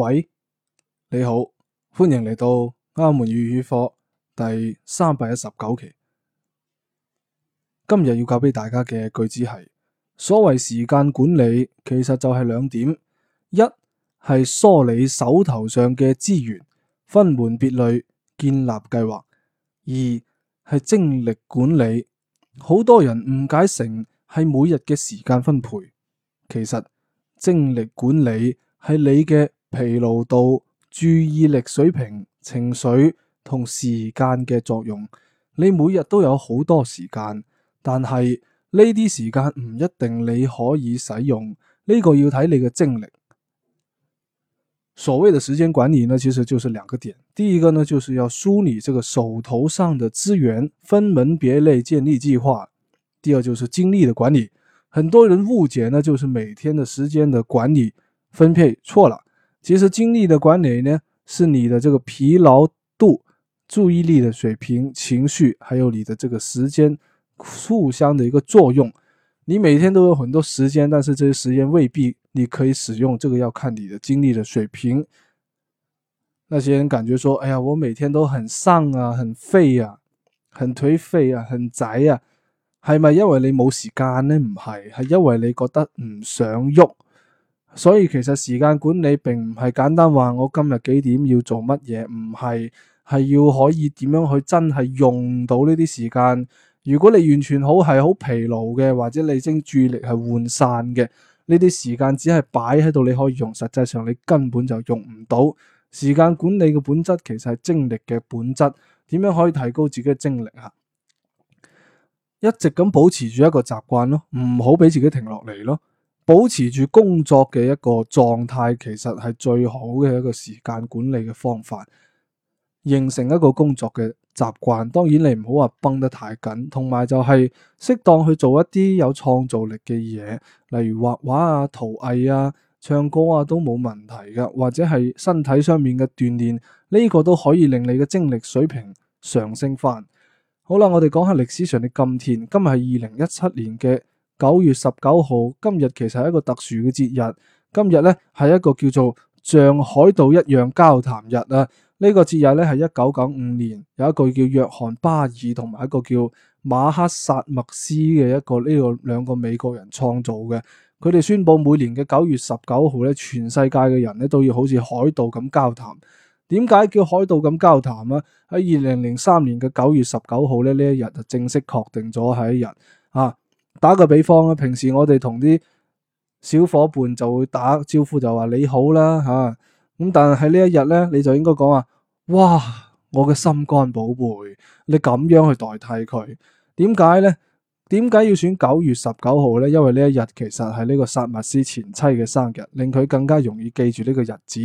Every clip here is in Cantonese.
喂，你好，歡迎嚟到《阿門粵語課》第三百一十九期。今日要教俾大家嘅句子係：所謂時間管理，其實就係兩點，一係梳理手頭上嘅資源，分門別類建立計劃；二係精力管理。好多人誤解成係每日嘅時間分配，其實精力管理係你嘅。疲勞度、注意力水平、情緒同時間嘅作用，你每日都有好多時間，但係呢啲時間唔一定你可以使用，呢，這個要睇你嘅精力。所謂嘅時間管理呢，其實就是兩個點，第一個呢，就是要梳理這個手頭上的資源，分門別類建立計劃，第二就是精力嘅管理。很多人誤解呢，就是每天嘅時間嘅管理分配錯了。其實精力的管理呢，是你的這個疲勞度、注意力的水平、情緒，還有你的這個時間，互相的一個作用。你每天都有很多時間，但是這些時間未必你可以使用，這個要看你的精力的水平。那些人感覺說：“哎呀，我每天都很喪啊，很廢啊，很頹廢啊，很宅啊。啊」係咪因為你冇時間呢？唔係，係因為你覺得唔想喐。所以其實時間管理並唔係簡單話我今日幾點要做乜嘢，唔係係要可以點樣去真係用到呢啲時間。如果你完全好係好疲勞嘅，或者你精注意力係渙散嘅，呢啲時間只係擺喺度你可以用，實際上你根本就用唔到。時間管理嘅本質其實係精力嘅本質，點樣可以提高自己嘅精力啊？一直咁保持住一個習慣咯，唔好俾自己停落嚟咯。保持住工作嘅一個狀態，其實係最好嘅一個時間管理嘅方法，形成一個工作嘅習慣。當然你唔好話繃得太緊，同埋就係適當去做一啲有創造力嘅嘢，例如畫畫啊、陶藝啊、唱歌啊，都冇問題噶。或者係身體上面嘅鍛煉，呢個都可以令你嘅精力水平上升翻。好啦，我哋講下歷史上嘅今天，今日係二零一七年嘅。九月十九號，今日其實係一個特殊嘅節日。今日咧係一個叫做像海盜一樣交談日啊！呢個節日咧係一九九五年有一個叫約翰巴爾同埋一個叫馬克薩默斯嘅一個呢個兩個美國人創造嘅。佢哋宣布每年嘅九月十九號咧，全世界嘅人咧都要好似海盜咁交談。點解叫海盜咁交談咧？喺二零零三年嘅九月十九號咧，呢一日就正式確定咗係一日啊！打個比方啦，平時我哋同啲小伙伴就會打招呼就話你好啦吓，咁、啊、但係呢一日咧，你就應該講啊，哇，我嘅心肝寶貝，你咁樣去代替佢，點解咧？點解要選九月十九號咧？因為呢一日其實係呢個薩默斯前妻嘅生日，令佢更加容易記住呢個日子。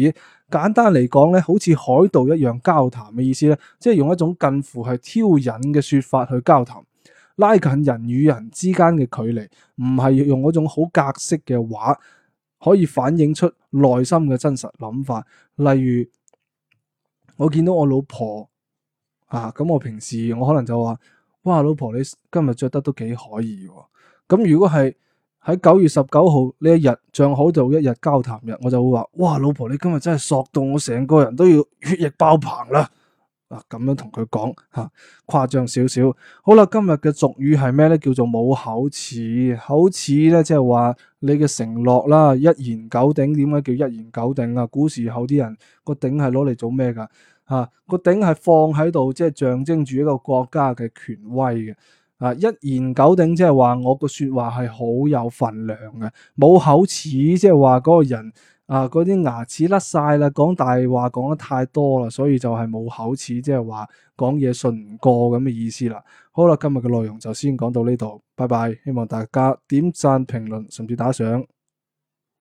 簡單嚟講咧，好似海盜一樣交談嘅意思咧，即係用一種近乎係挑釁嘅說法去交談。拉近人與人之間嘅距離，唔係要用嗰種好格式嘅話，可以反映出內心嘅真實諗法。例如，我見到我老婆啊，咁我平時我可能就話，哇，老婆你今日着得都幾可以。咁如果係喺九月十九號呢一日，正好就一日交談日，我就會話，哇，老婆你今日真係索到我成個人都要血液爆棚啦！嗱，咁樣同佢講吓，誇張少少。好啦，今日嘅俗語係咩咧？叫做冇口齒，口齒咧即係話你嘅承諾啦，一言九鼎，點解叫一言九鼎啊？古時候啲人個鼎係攞嚟做咩噶？吓、啊，個鼎係放喺度，即係象徵住一個國家嘅權威嘅。啊，一言九鼎即係話我個說話係好有份量嘅，冇口齒即係話嗰個人。啊！嗰啲牙齒甩晒啦，講大話講得太多啦，所以就係冇口齒，即係話講嘢信唔過咁嘅意思啦。好啦，今日嘅內容就先講到呢度，拜拜！希望大家點讚、評論，甚至打賞。